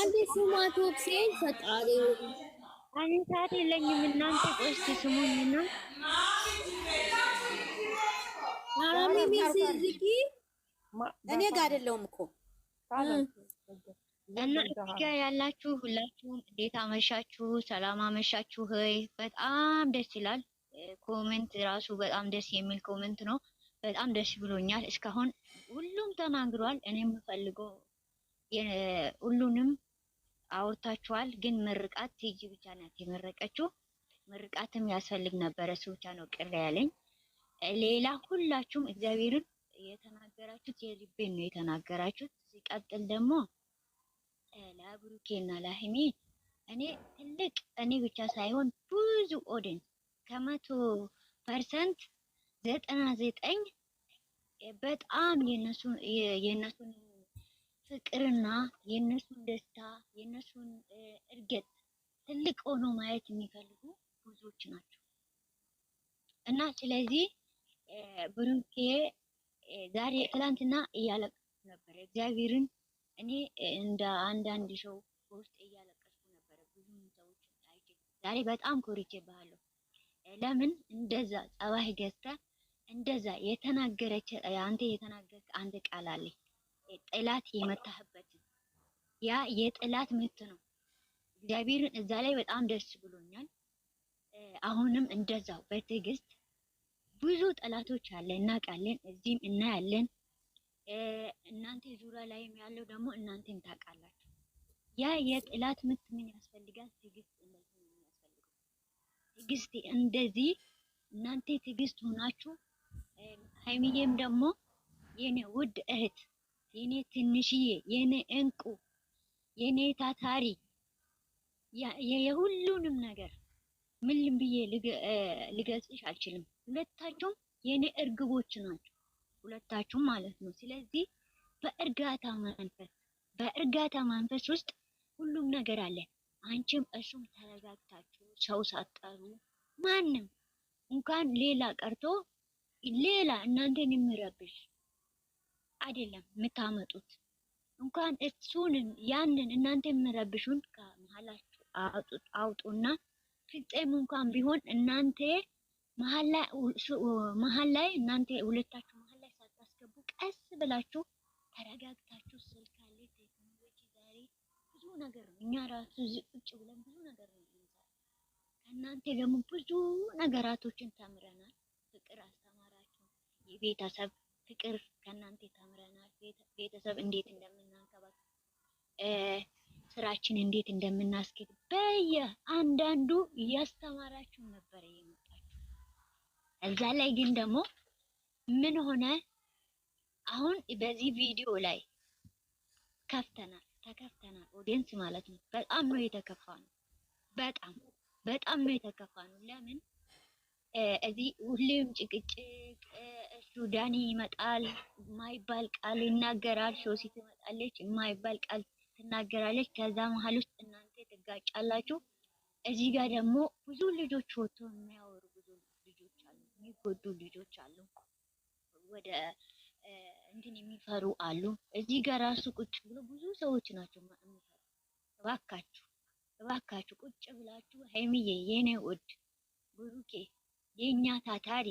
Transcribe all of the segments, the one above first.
አንዴ ስማት ፈጣሪ ሰዓት የለኝም። እናንተ ቆስቲ ስሙኝና አራሚሚ ስዝጊ እኔ ጋር አይደለሁም እኮ እና ያላችሁ ሁላችሁም እንዴት አመሻችሁ? ሰላም አመሻችሁ። ሆይ በጣም ደስ ይላል። ኮሜንት ራሱ በጣም ደስ የሚል ኮሜንት ነው። በጣም ደስ ብሎኛል እስካሁን ሁሉም ተናግሯል። እኔ የምፈልገው ሁሉንም አውርታችኋል። ግን ምርቃት ትይጂ ብቻ ናት የመረቀችው። ምርቃትም ያስፈልግ ነበረ። እሱ ብቻ ነው ቅር ያለኝ። ሌላ ሁላችሁም እግዚአብሔርን የተናገራችሁት የልቤን ነው የተናገራችሁት። ሲቀጥል ደግሞ ለብሩኬና ለሀይሜ እኔ ትልቅ እኔ ብቻ ሳይሆን ብዙ ኦድን ከመቶ ፐርሰንት ዘጠና ዘጠኝ በጣም የእነሱን ፍቅርና የእነሱን ደስታ የእነሱን እድገት ትልቅ ሆኖ ማየት የሚፈልጉ ብዙዎች ናቸው እና ስለዚህ ብሩኬ ዛሬ ትላንትና እያለቀስኩ ነበረ። እግዚአብሔርን እኔ እንደ አንዳንድ ሰው በውስጥ እያለቀስኩ ነበረ። ብዙም ሰዎች ዛሬ በጣም ኮርቼ ባለሁ። ለምን እንደዛ ጸባይ ገዝተ እንደዛ የተናገረች አንተ የተናገርክ አንድ ቃል አለ። ጠላት የመታህበት ያ የጠላት ምት ነው። እግዚአብሔር እዛ ላይ በጣም ደስ ብሎኛል። አሁንም እንደዛው በትዕግስት ብዙ ጠላቶች አለ እናውቃለን፣ እዚህም እናያለን። እናንተ ዙሪያ ላይም ያለው ደግሞ እናንተም ታውቃላችሁ። ያ የጠላት ምት ምን ያስፈልጋል? ትዕግስት እንደዚህ ነው የሚያስፈልገው። ትዕግስት እንደዚህ እናንተ ትዕግስት ሆናችሁ ሀይሚዬም ደግሞ የኔ ውድ እህት፣ የኔ ትንሽዬ፣ የኔ እንቁ፣ የኔ ታታሪ የሁሉንም ነገር ምንም ብዬ ልገልጽሽ አልችልም። ሁለታችሁም የኔ እርግቦች ናቸው፣ ሁለታችሁም ማለት ነው። ስለዚህ በእርጋታ መንፈስ በእርጋታ መንፈስ ውስጥ ሁሉም ነገር አለ። አንቺም እሱም ተረጋግታችሁ ሰው ሳትጠሩ ማንም እንኳን ሌላ ቀርቶ ሌላ እናንተን የሚረብሽ አይደለም የምታመጡት። እንኳን እሱንን ያንን እናንተ የምረብሹን ከመሀላችሁ አውጡና ፍጤም እንኳን ቢሆን እናንተ መሀል ላይ እናንተ ሁለታችሁ መሀል ላይ ሳታስገቡ ቀስ ብላችሁ ተረጋግታችሁ ስልክ አለ፣ ቴክኖሎጂ ዛሬ ብዙ ነገር ነው። እኛ ራሱ እዚህ ቁጭ ብለን ብዙ ነገር ነው። ከእናንተ ደግሞ ብዙ ነገራቶችን ተምረናል። ፍቅር የቤተሰብ ፍቅር ከእናንተ ተምረናል። ቤተሰብ እንዴት እንደምናንከባከብ ስራችን እንዴት እንደምናስኬድ በየ አንዳንዱ እያስተማራችሁ ነበረ የመጣችሁ። እዛ ላይ ግን ደግሞ ምን ሆነ? አሁን በዚህ ቪዲዮ ላይ ከፍተናል፣ ተከፍተናል። ኦዲየንስ ማለት ነው። በጣም ነው የተከፋ ነው። በጣም በጣም ነው የተከፋ ነው። ለምን እዚህ ሁሌም ጭቅጭቅ ሱዳን ይመጣል የማይባል ቃል ይናገራል። ሶሲ ትመጣለች የማይባል ቃል ትናገራለች። ከዛ መሀል ውስጥ እናንተ ትጋጫላችሁ። እዚህ ጋር ደግሞ ብዙ ልጆች ወጥቶ የሚያወሩ ብዙ ልጆች አሉ፣ የሚጎዱ ልጆች አሉ፣ ወደ እንትን የሚፈሩ አሉ። እዚህ ጋር ራሱ ቁጭ ብሎ ብዙ ሰዎች ናቸው የሚፈሩ። እባካችሁ እባካችሁ ቁጭ ብላችሁ ሀይሚዬ፣ የኔ ውድ ብሩኬ፣ የእኛ ታታሪ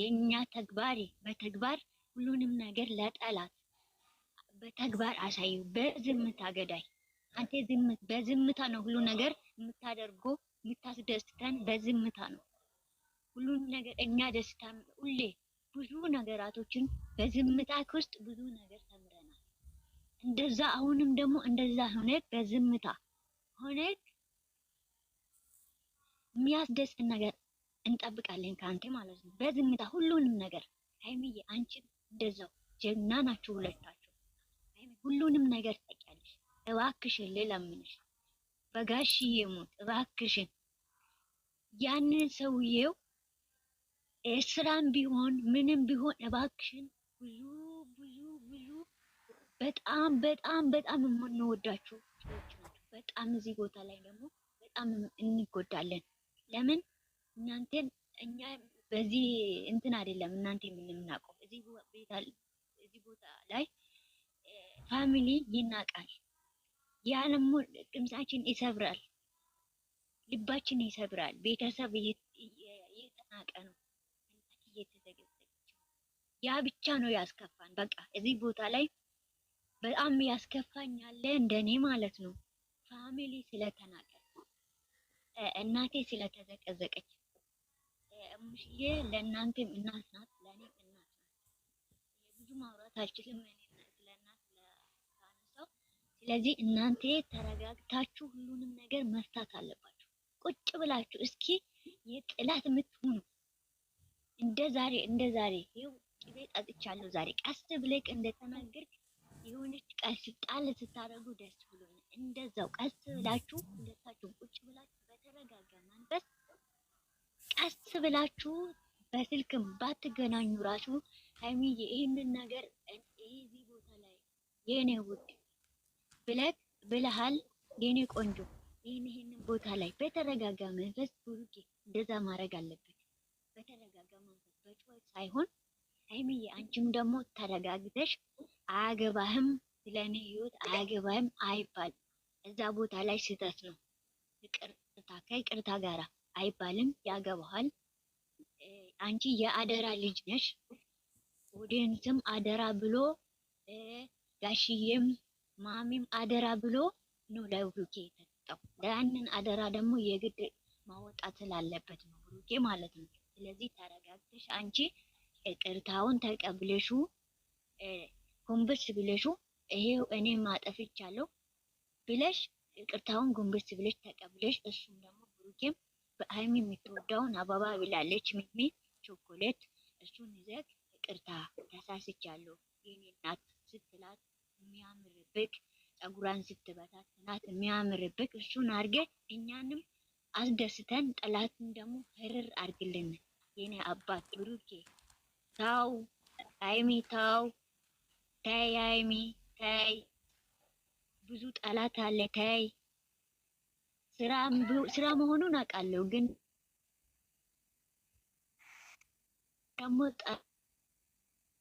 የእኛ ተግባር በተግባር ሁሉንም ነገር ለጠላት በተግባር አሳዩ። በዝምታ ገዳይ አንተ ዝምት በዝምታ ነው ሁሉ ነገር የምታደርጎ የምታስደስተን በዝምታ ነው ሁሉም ነገር እኛ ደስታ ሁሌ ብዙ ነገራቶችን በዝምታ ውስጥ ብዙ ነገር ተምረናል። እንደዛ አሁንም ደግሞ እንደዛ ሆነ በዝምታ ሆነ የሚያስደስት ነገር እንጠብቃለን ከአንተ ማለት ነው። በዝምታ ሁሉንም ነገር ሀይሚዬ፣ አንቺም እንደዛው ጀግና ናችሁ ሁለታችሁ። ሁሉንም ነገር ታውቂያለሽ። እባክሽን ልለምንሽ፣ በጋሽዬ ሞት እባክሽን ያንን ሰውዬው ስራም ቢሆን ምንም ቢሆን እባክሽን ብዙ ብዙ ብዙ በጣም በጣም በጣም የምንወዳችሁ ሰዎች ናቸው። በጣም እዚህ ቦታ ላይ ደግሞ በጣም እንጎዳለን። ለምን እናንተን እኛ በዚህ እንትን አይደለም እናንተ የምንናቀው እዚህ ቦታ ላይ ፋሚሊ ይናቃል። ያንም ድምጻችን ይሰብራል፣ ልባችን ይሰብራል። ቤተሰብ እየተናቀ ነው፣ እየተዘገዘገች ያ ብቻ ነው ያስከፋን። በቃ እዚህ ቦታ ላይ በጣም ያስከፋኝ ያለ እንደኔ ማለት ነው ፋሚሊ ስለተናቀ እናቴ ስለተዘቀዘቀች አሙሽዬ ለእናንተም እናት ናት፣ ለእኔም እናት ናት። ብዙ ማውራት አልችልም ስለ እናት ካነሳው። ስለዚህ እናንተ ተረጋግታችሁ ሁሉንም ነገር መፍታት አለባችሁ። ቁጭ ብላችሁ እስኪ የጥላት የምትሆኑ እንደ ዛሬ እንደ ዛሬ ይኸው ቅቤ ጠጥቻለሁ ዛሬ ቀስ ብለህ እንደተናገርክ የሆነች ቀስ ጣል ስታደርጉ ደስ ብሎኛል። እንደዛው ቀስ ብላችሁ ሁለታችሁ ቁጭ ብላችሁ በተረጋጋ መንፈስ ቀስ ብላችሁ በስልክም ባትገናኙ ራሱ ሀይሚዬ ይህንን ነገር እዚህ ቦታ ላይ የኔ ውድ ብለህ ብለሃል፣ የኔ ቆንጆ ይህን ይህንን ቦታ ላይ በተረጋጋ መንፈስ ብሩኬ እንደዛ ማድረግ አለበት። በተረጋጋ መንፈስ በጩኸት ሳይሆን ሀይሚዬ አንቺም ደግሞ ተረጋግተሽ አያገባህም፣ ስለ እኔ ህይወት አያገባህም አይባልም። እዛ ቦታ ላይ ስህተት ነው። ይቅርታ ከይቅርታ ጋራ አይባልም። ያገባሃል። አንቺ የአደራ ልጅ ነሽ። ኦዲየንስም አደራ ብሎ ጋሽዬም ማሚም አደራ ብሎ ነው ለብሩኬ የተሰጠው። ያንን አደራ ደግሞ የግድ ማወጣት ስላለበት ነው ብሩኬ ማለት ነው። ስለዚህ ተረጋግተሽ አንቺ ይቅርታውን ተቀብለሹ ጎንበስ ብለሹ ይሄው እኔ ማጠፍቻለሁ ብለሽ ይቅርታውን ጉንብስ ብለሽ ተቀብለሽ እሱም ደግሞ ብሩኬም ሀይሚ የምትወዳውን አበባ ብላለች። ሚሚ ቾኮሌት እሱን ይዘት ይቅርታ ተሳስቻለሁ የኔ እናት ስትላት የሚያምርብክ ጸጉሯን ስትበታት እናት የሚያምርብክ እሱን አርገ እኛንም አስደስተን ጠላትን ደግሞ ህርር አርግልን። የኔ አባት ብሩኬ ታው ሀይሚ ታው ታይ ሀይሚ ታይ ብዙ ጠላት አለ ታይ ስራ መሆኑን አውቃለሁ፣ ግን ደግሞ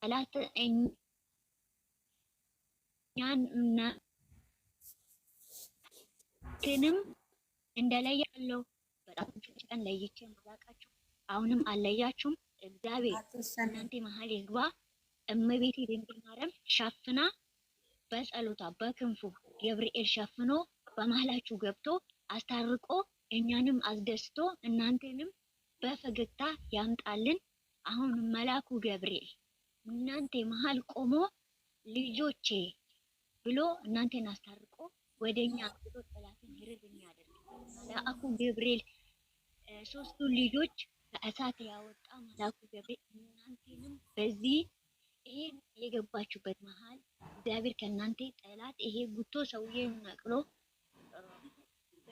ጠላት እኛን እናንተንም እንደለየ አለው። በጣም ቀን ለይቼ አላውቃችሁ፣ አሁንም አለያችሁም። እግዚአብሔር እናንተ መሀል ይግባ። እመቤቴ ድንግል ማርያም ሸፍና በጸሎታ በክንፉ ገብርኤል ሸፍኖ በመሀላችሁ ገብቶ አስታርቆ እኛንም አስደስቶ እናንተንም በፈገግታ ያምጣልን። አሁን መላኩ ገብርኤል እናንተ መሀል ቆሞ ልጆቼ ብሎ እናንተን አስታርቆ ወደ እኛ አምጥቶ ጠላትን ይርድ የሚያደርግ መላኩ ገብርኤል ሶስቱን ልጆች ከእሳት ያወጣ መላኩ ገብርኤል እናንተንም በዚህ ይሄን የገባችሁበት መሀል እግዚአብሔር ከእናንተ ጠላት ይሄ ጉቶ ሰውዬ ነቅሎ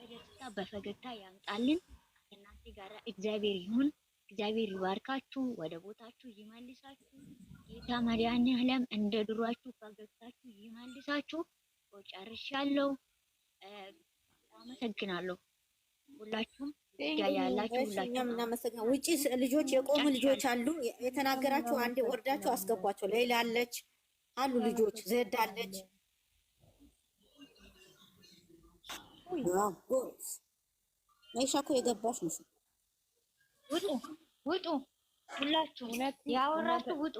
በደስታ በፈገግታ ያምጣልን። ከእናንተ ጋር እግዚአብሔር ይሁን። እግዚአብሔር ይባርካችሁ፣ ወደ ቦታችሁ ይመልሳችሁ። ጌታ መድኃኒዓለም እንደ ድሯችሁ ፈገግታችሁ ይመልሳችሁ። ጨርሻለሁ። አመሰግናለሁ። ሁላችሁም ያላችሁ ውጪ ልጆች የቆሙ ልጆች አሉ። የተናገራችሁ አንዴ ወርዳችሁ አስገቧቸው። ሌላ አለች አሉ ልጆች ይሻ እኮ የገባሽ ምስል ውጡ፣ ውጡ ሁላችሁ ያወራችሁ ውጡ።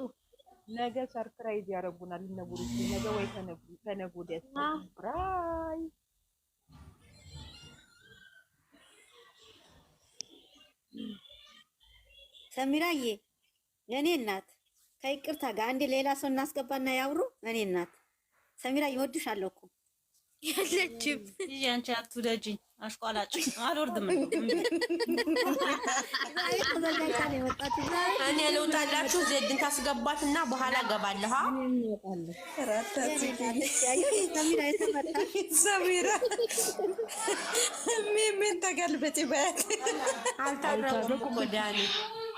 ነገ ሰርፕራይዝ ያደርጉናል። ልነጉሩ ነገ ወይ ሰሚራዬ እናት ከይቅርታ ጋር ሌላ ሰው እናስገባና ያውሩ። እኔ እናት ሰሚራዬ ወድሻለሁ እኮ ያለችም አንቺ አትውደጂኝ፣ አሽቋላጭ አልወርድም። እኔ ልውጣላችሁ፣ ዜድን ታስገባትና በኋላ ገባለሁ። ሰሚራ ምን ተገልበጭ በያት አልታረቁም ወዳኔ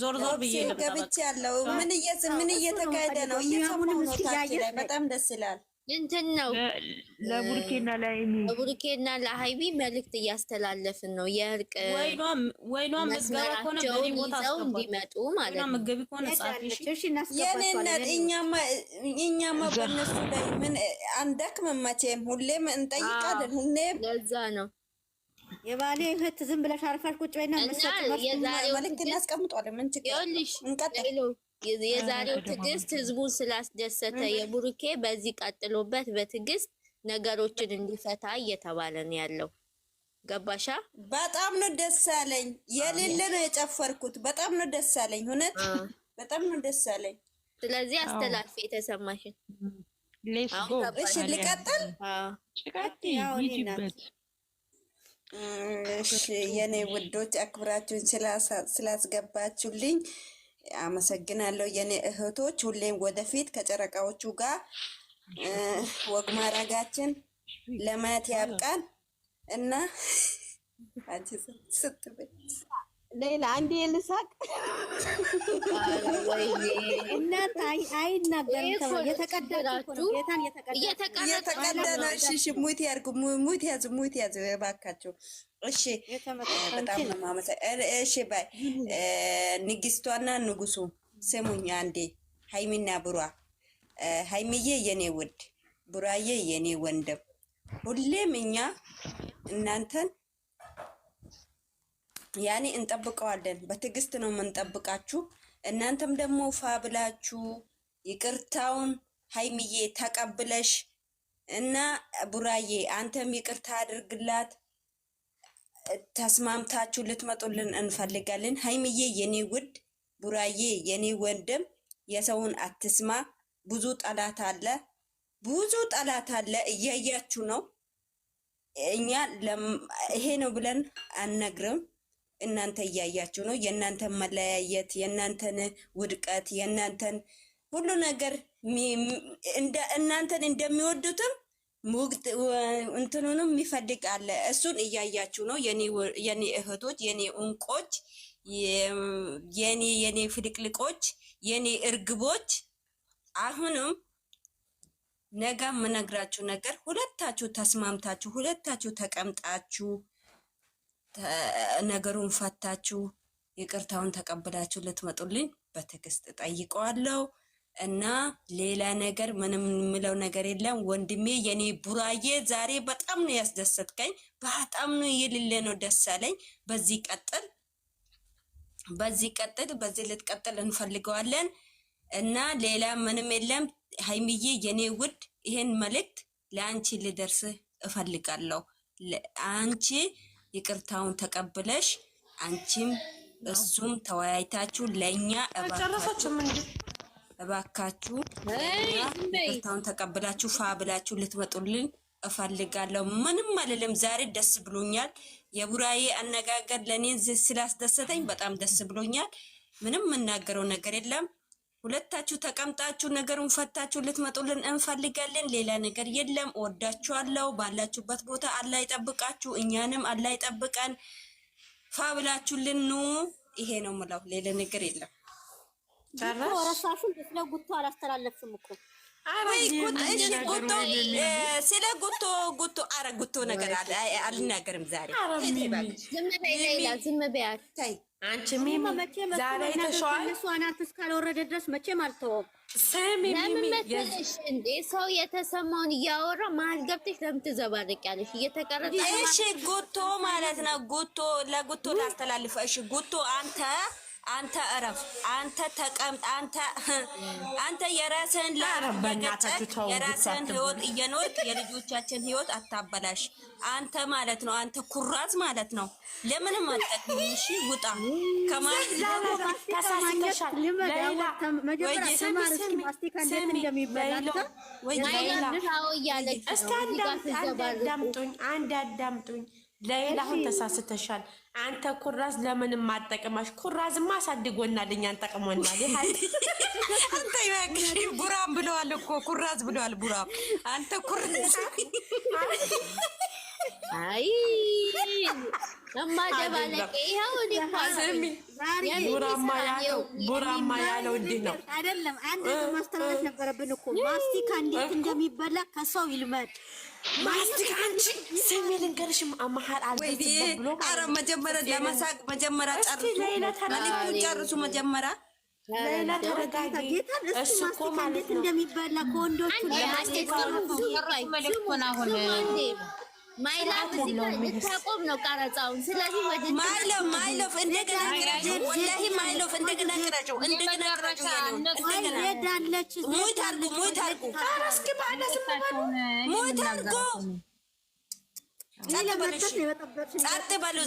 ዞር ዞር ብዬ ገብቼ ያለው ምን እየስ ምን እየተካሄደ ነው? እየሰሙ ነው። ታች በጣም ደስ ይላል። እንትን ነው ለቡርኬና ለሀይሚ ለቡርኬና ለሀይሚ መልእክት እያስተላለፍን ነው። የእርቅ ወይኗ መዝገባ ከሆነ ይዘው እንዲመጡ ማለት ነው። የእኔነት እኛማ በነሱ ላይ ምን አንዳክም መቼም ሁሌም እንጠይቃለን። ሁሌም ለዛ ነው የባሌ እህት ዝም ብለሽ አርፈሽ ቁጭ በይና መልዕክት እናስቀምጧለን። ምን ችግር የዛሬው ትዕግስት ህዝቡን ስላስደሰተ የቡሩኬ በዚህ ቀጥሎበት በትዕግስት ነገሮችን እንዲፈታ እየተባለ ነው ያለው። ገባሻ? በጣም ነው ደስ አለኝ። የሌለ ነው የጨፈርኩት። በጣም ነው ደስ አለኝ። እውነት በጣም ነው ደስ አለኝ። ስለዚህ አስተላልፊ የተሰማሽን። እሺ ልቀጥል የኔ ውዶች አክብራችሁን ስላስገባችሁልኝ አመሰግናለሁ። የኔ እህቶች ሁሌም ወደፊት ከጨረቃዎቹ ጋር ወግ ማድረጋችን ለማየት ያብቃል እና ሌላ አንዴ ልሳቅ። እናንተ አይናገርም። የተቀደዳችሁ የተቀደደ እሺ፣ ሙት ያርጉ፣ ሙት ያዙ፣ ሙት ያዙ ባካችሁ። እሺ፣ በጣም ነው ማመሰ። እሺ፣ ባይ ንግስቷና ንጉሱ ስሙኝ አንዴ። ሀይሚና ብሯ፣ ሀይሚዬ የኔ ውድ፣ ብሯዬ የኔ ወንድም፣ ሁሌም እኛ እናንተን ያኔ እንጠብቀዋለን። በትዕግስት ነው የምንጠብቃችሁ። እናንተም ደግሞ ፋ ብላችሁ ይቅርታውን ሀይሚዬ ተቀብለሽ እና ቡራዬ አንተም ይቅርታ አድርግላት ተስማምታችሁ ልትመጡልን እንፈልጋለን። ሀይሚዬ የኔ ውድ፣ ቡራዬ የኔ ወንድም፣ የሰውን አትስማ። ብዙ ጠላት አለ፣ ብዙ ጠላት አለ። እያያችሁ ነው። እኛ ይሄ ነው ብለን አንነግርም። እናንተ እያያችሁ ነው። የእናንተን መለያየት፣ የእናንተን ውድቀት፣ የእናንተን ሁሉ ነገር እናንተን እንደሚወዱትም እንትኑንም የሚፈልግ አለ። እሱን እያያችሁ ነው የኔ እህቶች፣ የኔ እንቆች፣ የኔ የኔ ፍልቅልቆች፣ የኔ እርግቦች። አሁንም ነገ የምነግራችሁ ነገር ሁለታችሁ ተስማምታችሁ ሁለታችሁ ተቀምጣችሁ ነገሩን ፈታችሁ ይቅርታውን ተቀብላችሁ ልትመጡልኝ በትዕግስት ጠይቀዋለሁ እና ሌላ ነገር ምንም የምለው ነገር የለም። ወንድሜ የኔ ቡራዬ ዛሬ በጣም ነው ያስደሰትከኝ። በጣም ነው የሌለ ነው ደስ አለኝ። በዚህ ቀጥል፣ በዚህ ቀጥል፣ በዚህ ልትቀጥል እንፈልገዋለን እና ሌላ ምንም የለም። ሀይሚዬ የኔ ውድ ይሄን መልእክት ለአንቺ ልደርስ እፈልጋለሁ አንቺ ይቅርታውን ተቀብለሽ አንቺም እሱም ተወያይታችሁ ለኛ እባካችሁ ይቅርታውን ተቀብላችሁ ፋ ብላችሁ ልትመጡልን እፈልጋለሁ። ምንም አልልም። ዛሬ ደስ ብሎኛል። የቡራዬ አነጋገር ለእኔ ስላስደሰተኝ በጣም ደስ ብሎኛል። ምንም የምናገረው ነገር የለም። ሁለታችሁ ተቀምጣችሁ ነገሩን ፈታችሁ ልትመጡልን እንፈልጋለን። ሌላ ነገር የለም። ወዳችኋለሁ። ባላችሁበት ቦታ አላህ ይጠብቃችሁ፣ እኛንም አላህ ይጠብቀን። ፋብላችሁልን ኑ። ይሄ ነው ምለው ሌላ ነገር የለም። ረሳሽን ስለ ጉቶ አላስተላለፍም እኮ ስለ ጉቶ ጉቶ አረ ጉቶ ነገር አልናገርም ዛሬ። ዝም ዝም በያት። አንቺ ሚሚ ዛሬ ተሸዋል እሱ አናት እስካልወረደ ድረስ መቼም አልተወም። ስሚ ሚሚ የዚህ እንዴ ሰው የተሰማውን እያወራ መሀል ገብተሽ ለምን ትዘባርቂያለሽ? እየተቀረጸ እሺ፣ ጉቶ ማለት ነው። ጉቶ ለጉቶ ላስተላልፈ። እሺ ጉቶ አንተ አንተ እረፍ፣ አንተ ተቀምጥ፣ አንተ አንተ የራስህን የራስህን ህይወት እየኖርክ የልጆቻችን ህይወት አታበላሽ። አንተ ማለት ነው፣ አንተ ኩራዝ ማለት ነው። ለምንም አትጠቅም። እሺ ውጣ። አንድ አዳምጡኝ፣ ሌላ አሁን ተሳስተሻል። አንተ ኩራዝ ለምንም ማጠቅማሽ ኩራዝማ አሳድጎናል፣ እኛን ጠቅሞናል። አንተ ይበቅሽ። ቡራም ብለዋል እኮ ኩራዝ ብለዋል። ቡራም አንተ ኩራዝ አይ እማደባለቀ ይኸው ቡራማ ያለው ቡራማ ያለው እንዲህ ነው አይደለም። አንድ ማስተላለፍ ነበረብን እኮ ማስቲካ እንዴት እንደሚበላ ከሰው ይልመድ። ማስቲካ አንቺ ስሜ ልንገርሽ መሀል አልቤት ብሎ ኧረ መጀመሪያ ለመሳቅ መጀመሪያ ጨርሱ መጀመሪያ ሌላ ተረጋጊ። እሱ እኮ ማለት እንደሚበላ ከወንዶቹ ማይላፍ ጸጥ በሉ።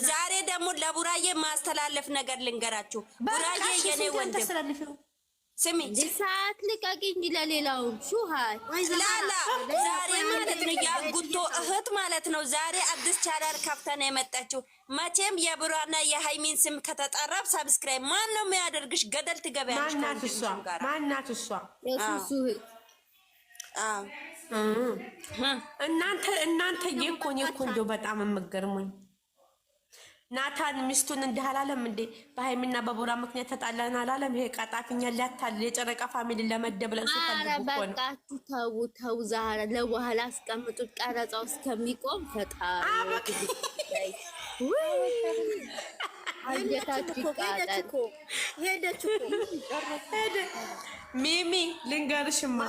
ዛሬ ደግሞ ለቡራዬ ማስተላለፍ ነገር ልንገራችሁ። ቡራዬ የኔ ወንድም ስሚ ሰዓት ልቀቂ ለሌላው ሹሃይ ላላ ዛሬ ማለት ነው የአጉቶ እህት ማለት ነው። ዛሬ አዲስ ቻናል ከፍታ የመጣችው። መቼም የብሩክና የሃይሚን ስም ከተጠራ ሰብስክራይብ ማን ነው የሚያደርግሽ? ገደል ትገበያለሽ። ማናት እሷ? እናንተ እናንተ የኮን የኮንጆ በጣም የምገርሙኝ ናታን ሚስቱን እንዲህ አላለም እንዴ? በሀይሚና በቦራ ምክንያት ተጣላን አላለም? ይሄ ቀጣፊኛ ሊያታልል የጨረቃ ፋሚሊ ለመደብለን ሲፈልጉበቃችሁ ተው ተው፣ ዛሬ ለበኋላ አስቀምጡት። ቀረጻው እስከሚቆም ሚሚ ልንገርሽማ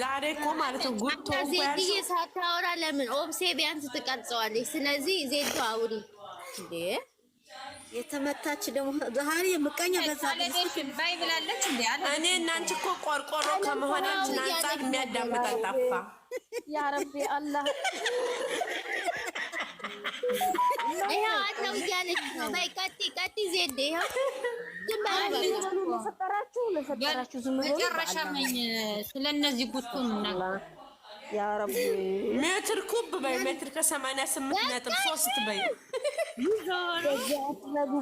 ዛሬ እኮ ማለት ነው ጉቶ ሳታወራ ለምን ኦብሴ ቢያንስ ትቀርጸዋለች። ስለዚህ ዜዶ አውሪ እንዴ የተመታች ደግሞ ዛሬ ምቀኛ በዛ ባይ ብላለች። እንዴ እኔ እናንቺ እኮ ቆርቆሮ ከመሆናችን አንጻር የሚያዳምጣት ጠፋ። ያ ረቢ ይኸው አለው እያለች ነው። በይ ቀጢ ቀጢ ዜዴ ይኸው መጨረሻ መኝ ስለነዚህ ጉቱን እናገር ሜትር ኩብ በይ ሜትር ከሰማንያ ስምንት ነጥብ ሦስት በይ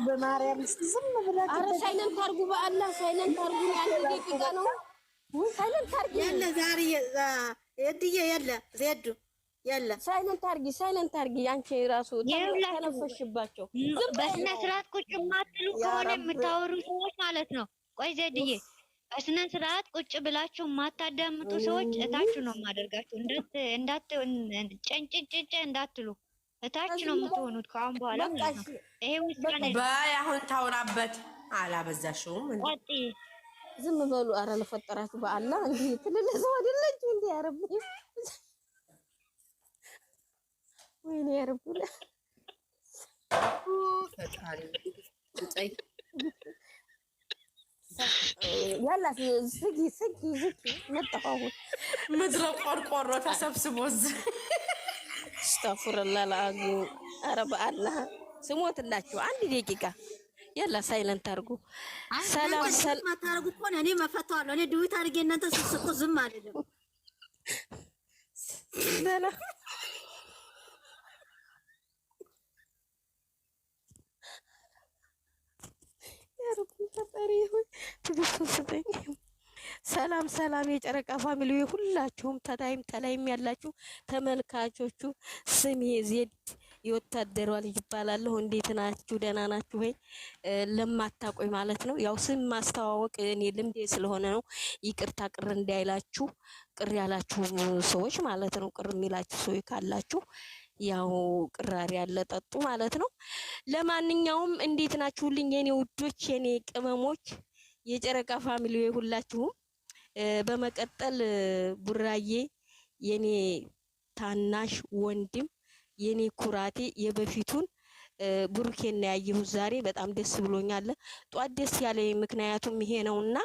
በማርያም ዝም ብለህ ኧረ ሳይለንት አድርጉ፣ በአላህ ሳይለንት አድርጉ። ያለ ደቂቃ ነው ሳይለንት አድርጊ። የለ ዛሬ እድዬ የለ ዜዱ የለ ሳይለንት አድርጊ፣ ሳይለንት አድርጊ። አንቺ ራሱ ተነፈሽባቸው። በስነ ስርዓት ቁጭ ማትሉ ከሆነ የምታወሩ ሰዎች ማለት ነው። ቆይ ዜድዬ በስነ ስርዓት ቁጭ ብላችሁ የማታዳምጡ ሰዎች እታችሁ ነው የማደርጋችሁ። እንዳት እንዳት ጨንጭጭጭ እንዳትሉ እታችሁ ነው የምትሆኑት ከአሁን በኋላ ይሄ ውሳኔ ባይ አሁን ታውራበት አላበዛሽውም። እንዴ ዝም በሉ። አረ ለፈጠራችሁ በአላ እንዴ ትልል ሰው አይደለች እንዴ ያረብ ወይኔ ያረብ ፈጣሪ ያላ ዝጊ ዝጊ ዝጊ መጠፋሁ ምድረ ቆርቆሮ ተሰብስቦ ስታፉረላ ለአዙ ኧረ በአላህ ስሞትላችሁ አንድ ደቂቃ ያላ ሳይለንት አድርጉ። ሰላም ሰላም ማታረጉ እኮ እኔ መፈታዋለሁ። እኔ ድዊት አድርጌ እናንተ ስትስቁ ዝም አልልም። ሰላም ፈጣሪ ሆይ ትግስቱን ስጠኝ። ሰላም ሰላም፣ የጨረቃ ፋሚሊ ሁላችሁም ተታይም ተላይም ያላችሁ ተመልካቾቹ፣ ስሜ ዜድ የወታደሯ ልጅ ይባላለሁ። እንዴት ናችሁ? ደህና ናችሁ ወይ? ለማታቆይ ማለት ነው። ያው ስም ማስተዋወቅ እኔ ልምዴ ስለሆነ ነው። ይቅርታ ቅር እንዳይላችሁ፣ ቅር ያላችሁ ሰዎች ማለት ነው። ቅር የሚላችሁ ሰዎች ካላችሁ ያው ቅራሪ ያለ ጠጡ ማለት ነው። ለማንኛውም እንዴት ናችሁልኝ የኔ ውዶች፣ የኔ ቅመሞች፣ የጨረቃ ፋሚሊ ሁላችሁም። በመቀጠል ቡራዬ የኔ ታናሽ ወንድም፣ የኔ ኩራቴ፣ የበፊቱን ብሩኬን ያየሁ ዛሬ በጣም ደስ ብሎኛል። ጧት ደስ ያለ ምክንያቱም ይሄ ነውና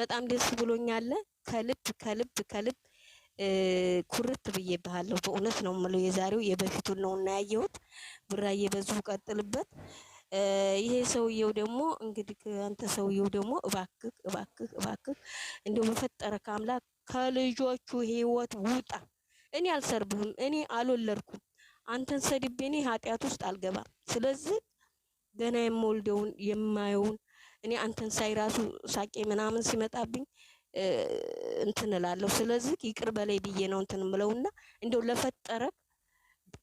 በጣም ደስ ብሎኛል። ከልብ ከልብ ከልብ ኩርት ብዬ ባለሁ በእውነት ነው ምለ የዛሬው የበፊቱን ነው እና ያየሁት። ብራዬ በዚሁ ቀጥልበት። ይሄ ሰውየው ደግሞ እንግዲህ አንተ ሰውየው ደግሞ እባክህ እባክህ እባክህ እንደው በፈጠረ ከአምላክ ከልጆቹ ህይወት ውጣ። እኔ አልሰርብህም፣ እኔ አልወለድኩም። አንተን ሰድቤ እኔ ኃጢአት ውስጥ አልገባም። ስለዚህ ገና የምወልደውን የማየውን እኔ አንተን ሳይ ራሱ ሳቄ ምናምን ሲመጣብኝ እንትን እላለሁ። ስለዚህ ይቅር በላይ ብዬ ነው እንትን ምለውና እንደው ለፈጠረ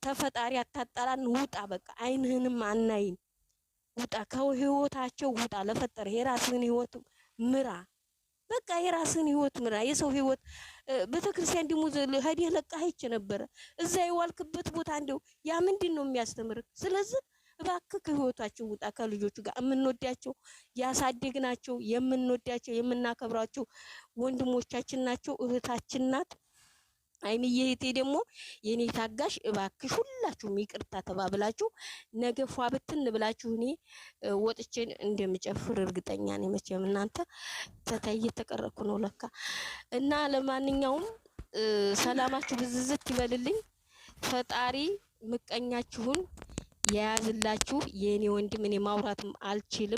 ተፈጣሪ አታጣላን፣ ውጣ በቃ አይንህንም አናይም፣ ውጣ ከህይወታቸው ውጣ። ለፈጠረ የራስህን ህይወት ምራ፣ በቃ የራስህን ህይወት ምራ። የሰው ህይወት ቤተክርስቲያን ዲሙ ሄደህ ለቃ ሄች ነበረ እዛ የዋልክበት ቦታ እንደው ያ ምንድን ነው የሚያስተምርህ? ስለዚህ እባክህ ከህይወታቸው ውጣ። ከልጆቹ ጋር የምንወዳቸው ያሳደግናቸው የምንወዳቸው የምናከብራቸው ወንድሞቻችን ናቸው። እህታችን ናት። አይምዬ እህቴ ደግሞ የኔ ታጋሽ፣ እባክሽ ሁላችሁም ይቅርታ ተባብላችሁ ነገ ፏ ብትን ብላችሁ እኔ ወጥቼን እንደምጨፍር እርግጠኛ ነኝ። መቼም እናንተ ተታየ ተቀረኩ ነው ለካ እና ለማንኛውም ሰላማችሁ ብዝዝት ይበልልኝ። ፈጣሪ ምቀኛችሁን የያዝላችሁ የእኔ ወንድም እኔ ማውራትም አልችልም።